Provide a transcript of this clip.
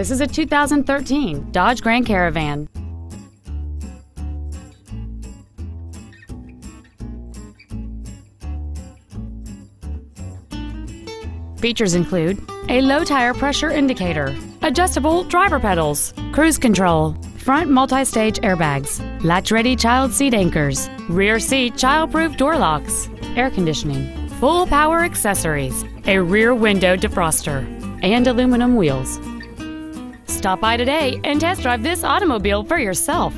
This is a 2013 Dodge Grand Caravan. Features include a low tire pressure indicator, adjustable driver pedals, cruise control, front multi-stage airbags, latch-ready child seat anchors, rear seat child-proof door locks, air conditioning, full power accessories, a rear window defroster, and aluminum wheels. Stop by today and test drive this automobile for yourself.